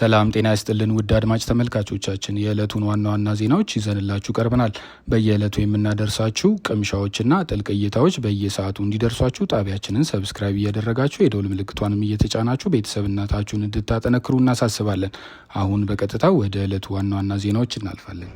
ሰላም ጤና ይስጥልን ውድ አድማጭ ተመልካቾቻችን፣ የዕለቱን ዋና ዋና ዜናዎች ይዘንላችሁ ቀርበናል። በየዕለቱ የምናደርሳችሁ ቅምሻዎችና ጥልቅ እይታዎች በየሰዓቱ እንዲደርሷችሁ ጣቢያችንን ሰብስክራይብ እያደረጋችሁ የደውል ምልክቷንም እየተጫናችሁ ቤተሰብነታችሁን እንድታጠነክሩ እናሳስባለን። አሁን በቀጥታ ወደ ዕለቱ ዋና ዋና ዜናዎች እናልፋለን።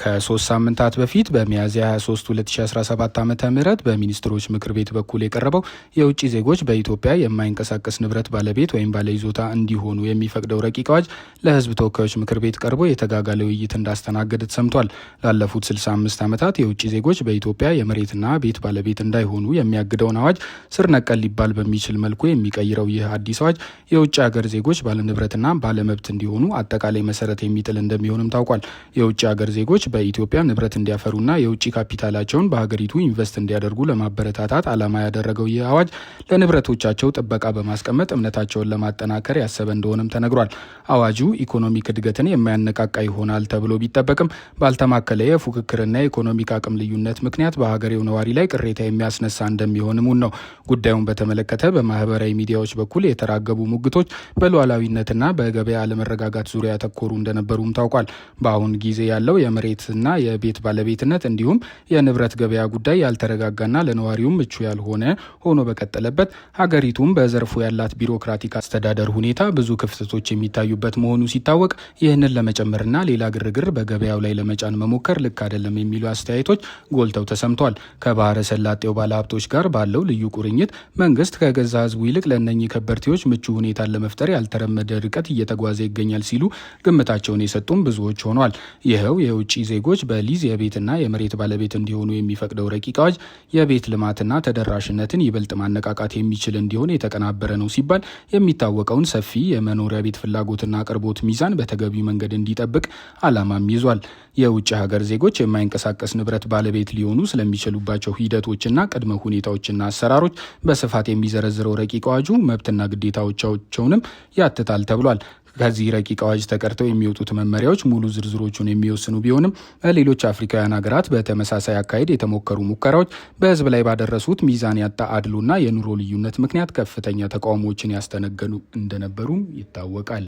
ከሶስት ሳምንታት በፊት በሚያዝያ 23 2017 ዓ ም በሚኒስትሮች ምክር ቤት በኩል የቀረበው የውጭ ዜጎች በኢትዮጵያ የማይንቀሳቀስ ንብረት ባለቤት ወይም ባለይዞታ እንዲሆኑ የሚፈቅደው ረቂቅ አዋጅ ለሕዝብ ተወካዮች ምክር ቤት ቀርቦ የተጋጋለ ውይይት እንዳስተናገደ ተሰምቷል። ላለፉት 65 ዓመታት የውጭ ዜጎች በኢትዮጵያ የመሬትና ቤት ባለቤት እንዳይሆኑ የሚያግደውን አዋጅ ስር ነቀል ሊባል በሚችል መልኩ የሚቀይረው ይህ አዲስ አዋጅ የውጭ ሀገር ዜጎች ባለንብረትና ባለመብት እንዲሆኑ አጠቃላይ መሰረት የሚጥል እንደሚሆንም ታውቋል። የውጭ ሀገር ዜጎች በኢትዮጵያ ንብረት እንዲያፈሩና የውጭ ካፒታላቸውን በሀገሪቱ ኢንቨስት እንዲያደርጉ ለማበረታታት ዓላማ ያደረገው ይህ አዋጅ ለንብረቶቻቸው ጥበቃ በማስቀመጥ እምነታቸውን ለማጠናከር ያሰበ እንደሆነም ተነግሯል። አዋጁ ኢኮኖሚክ እድገትን የማያነቃቃ ይሆናል ተብሎ ቢጠበቅም ባልተማከለ የፉክክርና የኢኮኖሚክ አቅም ልዩነት ምክንያት በሀገሬው ነዋሪ ላይ ቅሬታ የሚያስነሳ እንደሚሆን ነው። ጉዳዩን በተመለከተ በማህበራዊ ሚዲያዎች በኩል የተራገቡ ሙግቶች በሉዓላዊነትና በገበያ አለመረጋጋት ዙሪያ ያተኮሩ እንደነበሩም ታውቋል። በአሁን ጊዜ ያለው የመሬት የቤትና የቤት ባለቤትነት እንዲሁም የንብረት ገበያ ጉዳይ ያልተረጋጋና ለነዋሪውም ምቹ ያልሆነ ሆኖ በቀጠለበት ሀገሪቱም በዘርፉ ያላት ቢሮክራቲክ አስተዳደር ሁኔታ ብዙ ክፍተቶች የሚታዩበት መሆኑ ሲታወቅ ይህንን ለመጨመርና ሌላ ግርግር በገበያው ላይ ለመጫን መሞከር ልክ አይደለም የሚሉ አስተያየቶች ጎልተው ተሰምተዋል። ከባህረ ሰላጤው ባለሀብቶች ጋር ባለው ልዩ ቁርኝት መንግስት ከገዛ ህዝቡ ይልቅ ለእነኚህ ከበርቴዎች ምቹ ሁኔታን ለመፍጠር ያልተረመደ ርቀት እየተጓዘ ይገኛል ሲሉ ግምታቸውን የሰጡም ብዙዎች ሆነዋል። ይኸው የውጭ ዜጎች በሊዝ የቤትና የመሬት ባለቤት እንዲሆኑ የሚፈቅደው ረቂቅ አዋጅ የቤት ልማትና ተደራሽነትን ይበልጥ ማነቃቃት የሚችል እንዲሆን የተቀናበረ ነው ሲባል የሚታወቀውን ሰፊ የመኖሪያ ቤት ፍላጎትና አቅርቦት ሚዛን በተገቢ መንገድ እንዲጠብቅ ዓላማም ይዟል። የውጭ ሀገር ዜጎች የማይንቀሳቀስ ንብረት ባለቤት ሊሆኑ ስለሚችሉባቸው ሂደቶችና ቅድመ ሁኔታዎችና አሰራሮች በስፋት የሚዘረዝረው ረቂቅ አዋጁ መብትና ግዴታዎቻቸውንም ያትታል ተብሏል። በዚህ ረቂቅ አዋጅ ተቀርተው የሚወጡት መመሪያዎች ሙሉ ዝርዝሮቹን የሚወስኑ ቢሆንም ሌሎች አፍሪካውያን ሀገራት በተመሳሳይ አካሄድ የተሞከሩ ሙከራዎች በህዝብ ላይ ባደረሱት ሚዛን ያጣ አድሎና የኑሮ ልዩነት ምክንያት ከፍተኛ ተቃውሞዎችን ያስተነገኑ እንደነበሩም ይታወቃል።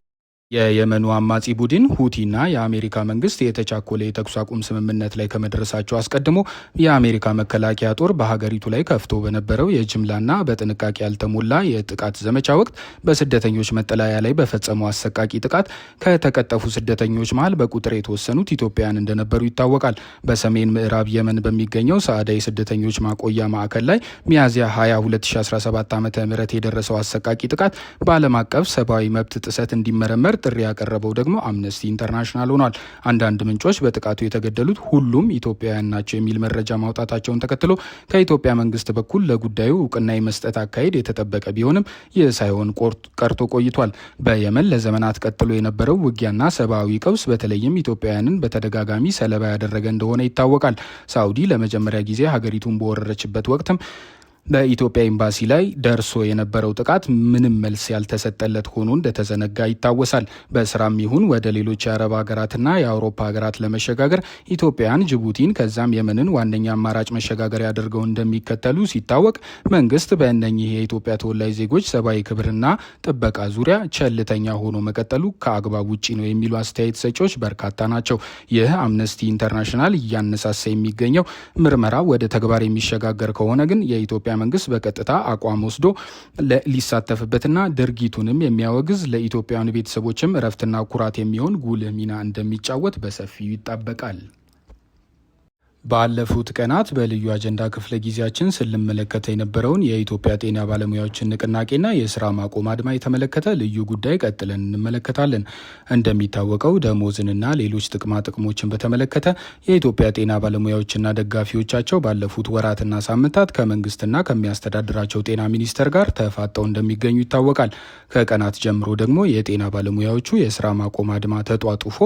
የየመኑ አማጺ ቡድን ሁቲና የአሜሪካ መንግስት የተቻኮለ የተኩስ አቁም ስምምነት ላይ ከመድረሳቸው አስቀድሞ የአሜሪካ መከላከያ ጦር በሀገሪቱ ላይ ከፍቶ በነበረው የጅምላና በጥንቃቄ ያልተሞላ የጥቃት ዘመቻ ወቅት በስደተኞች መጠለያ ላይ በፈጸመው አሰቃቂ ጥቃት ከተቀጠፉ ስደተኞች መሀል በቁጥር የተወሰኑት ኢትዮጵያውያን እንደነበሩ ይታወቃል። በሰሜን ምዕራብ የመን በሚገኘው ሰአዳ የስደተኞች ማቆያ ማዕከል ላይ ሚያዝያ 20 2017 ዓ ም የደረሰው አሰቃቂ ጥቃት በዓለም አቀፍ ሰብአዊ መብት ጥሰት እንዲመረመር ጥሪ ያቀረበው ደግሞ አምነስቲ ኢንተርናሽናል ሆኗል። አንዳንድ ምንጮች በጥቃቱ የተገደሉት ሁሉም ኢትዮጵያውያን ናቸው የሚል መረጃ ማውጣታቸውን ተከትሎ ከኢትዮጵያ መንግስት በኩል ለጉዳዩ እውቅና የመስጠት አካሄድ የተጠበቀ ቢሆንም ይህ ሳይሆን ቀርቶ ቆይቷል። በየመን ለዘመናት ቀጥሎ የነበረው ውጊያና ሰብአዊ ቀውስ በተለይም ኢትዮጵያውያንን በተደጋጋሚ ሰለባ ያደረገ እንደሆነ ይታወቃል። ሳውዲ ለመጀመሪያ ጊዜ ሀገሪቱን በወረረችበት ወቅትም በኢትዮጵያ ኤምባሲ ላይ ደርሶ የነበረው ጥቃት ምንም መልስ ያልተሰጠለት ሆኖ እንደተዘነጋ ይታወሳል። በስራም ይሁን ወደ ሌሎች የአረብ ሀገራትና የአውሮፓ ሀገራት ለመሸጋገር ኢትዮጵያን ጅቡቲን ከዛም የመንን ዋነኛ አማራጭ መሸጋገር አድርገው እንደሚከተሉ ሲታወቅ መንግስት በእነኚህ የኢትዮጵያ ተወላጅ ዜጎች ሰብአዊ ክብርና ጥበቃ ዙሪያ ቸልተኛ ሆኖ መቀጠሉ ከአግባብ ውጪ ነው የሚሉ አስተያየት ሰጪዎች በርካታ ናቸው። ይህ አምነስቲ ኢንተርናሽናል እያነሳሳ የሚገኘው ምርመራ ወደ ተግባር የሚሸጋገር ከሆነ ግን የኢትዮጵያ መንግስት በቀጥታ አቋም ወስዶ ሊሳተፍበትና ድርጊቱንም የሚያወግዝ ለኢትዮጵያውያን ቤተሰቦችም እረፍትና ኩራት የሚሆን ጉልህ ሚና እንደሚጫወት በሰፊው ይጠበቃል። ባለፉት ቀናት በልዩ አጀንዳ ክፍለ ጊዜያችን ስንመለከተ የነበረውን የኢትዮጵያ ጤና ባለሙያዎችን ንቅናቄና የስራ ማቆም አድማ የተመለከተ ልዩ ጉዳይ ቀጥለን እንመለከታለን። እንደሚታወቀው ደሞዝንና ሌሎች ጥቅማ ጥቅሞችን በተመለከተ የኢትዮጵያ ጤና ባለሙያዎችና ደጋፊዎቻቸው ባለፉት ወራትና ሳምንታት ከመንግስትና ከሚያስተዳድራቸው ጤና ሚኒስቴር ጋር ተፋጠው እንደሚገኙ ይታወቃል። ከቀናት ጀምሮ ደግሞ የጤና ባለሙያዎቹ የስራ ማቆም አድማ ተጧጡፎ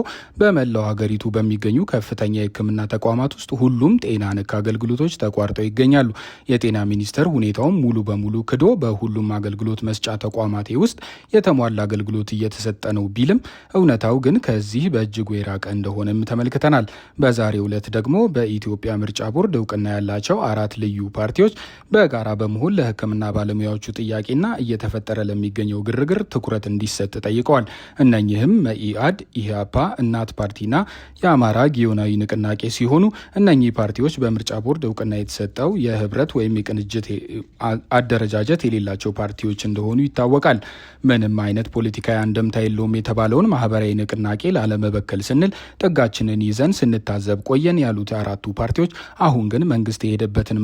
በመላው ሀገሪቱ በሚገኙ ከፍተኛ የሕክምና ተቋማት ውስጥ ሁሉም ጤና ነክ አገልግሎቶች ተቋርጠው ይገኛሉ። የጤና ሚኒስቴር ሁኔታውን ሙሉ በሙሉ ክዶ በሁሉም አገልግሎት መስጫ ተቋማቴ ውስጥ የተሟላ አገልግሎት እየተሰጠ ነው ቢልም እውነታው ግን ከዚህ በእጅጉ የራቀ እንደሆነም ተመልክተናል። በዛሬው ዕለት ደግሞ በኢትዮጵያ ምርጫ ቦርድ እውቅና ያላቸው አራት ልዩ ፓርቲዎች በጋራ በመሆን ለሕክምና ባለሙያዎቹ ጥያቄና እየተፈጠረ ለሚገኘው ግርግር ትኩረት እንዲሰጥ ጠይቀዋል። እነኚህም መኢአድ፣ ኢህአፓ፣ እናት ፓርቲና የአማራ ጊዮናዊ ንቅናቄ ሲሆኑ እነ እነኚህ ፓርቲዎች በምርጫ ቦርድ እውቅና የተሰጠው የህብረት ወይም የቅንጅት አደረጃጀት የሌላቸው ፓርቲዎች እንደሆኑ ይታወቃል። ምንም አይነት ፖለቲካዊ አንደምታ የለውም የተባለውን ማህበራዊ ንቅናቄ ላለመበከል ስንል ጥጋችንን ይዘን ስንታዘብ ቆየን ያሉት አራቱ ፓርቲዎች አሁን ግን መንግስት የሄደበትን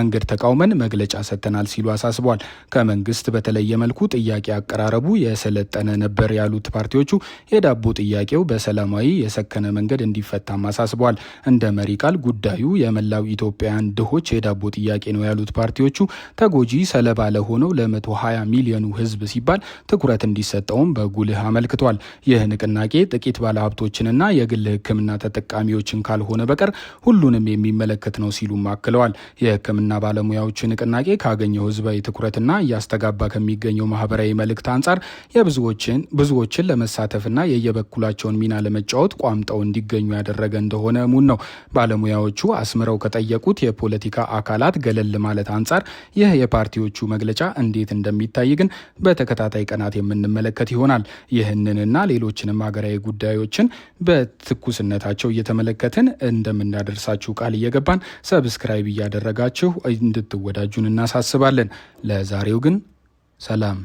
መንገድ ተቃውመን መግለጫ ሰጥተናል ሲሉ አሳስቧል። ከመንግስት በተለየ መልኩ ጥያቄ አቀራረቡ የሰለጠነ ነበር ያሉት ፓርቲዎቹ የዳቦ ጥያቄው በሰላማዊ የሰከነ መንገድ እንዲፈታም አሳስቧል። እንደ መሪ ቃል ጉዳዩ የመላው ኢትዮጵያውያን ድሆች የዳቦ ጥያቄ ነው ያሉት ፓርቲዎቹ ተጎጂ ሰለባ ለሆነው ለ120 ሚሊዮኑ ሕዝብ ሲባል ትኩረት እንዲሰጠውም በጉልህ አመልክቷል። ይህ ንቅናቄ ጥቂት ባለሀብቶችንና የግል ሕክምና ተጠቃሚዎችን ካልሆነ በቀር ሁሉንም የሚመለከት ነው ሲሉም አክለዋል። የህክምና ባለሙያዎች ንቅናቄ ካገኘው ህዝባዊ ትኩረትና እያስተጋባ ከሚገኘው ማህበራዊ መልእክት አንጻር የብዙዎችን ብዙዎችን ለመሳተፍና የየበኩላቸውን ሚና ለመጫወት ቋምጠው እንዲገኙ ያደረገ እንደሆነ ሙን ነው ባለሙያ ባለሙያዎቹ አስምረው ከጠየቁት የፖለቲካ አካላት ገለል ማለት አንጻር ይህ የፓርቲዎቹ መግለጫ እንዴት እንደሚታይ ግን በተከታታይ ቀናት የምንመለከት ይሆናል። ይህንንና ሌሎችንም ሀገራዊ ጉዳዮችን በትኩስነታቸው እየተመለከትን እንደምናደርሳችሁ ቃል እየገባን ሰብስክራይብ እያደረጋችሁ እንድትወዳጁን እናሳስባለን። ለዛሬው ግን ሰላም።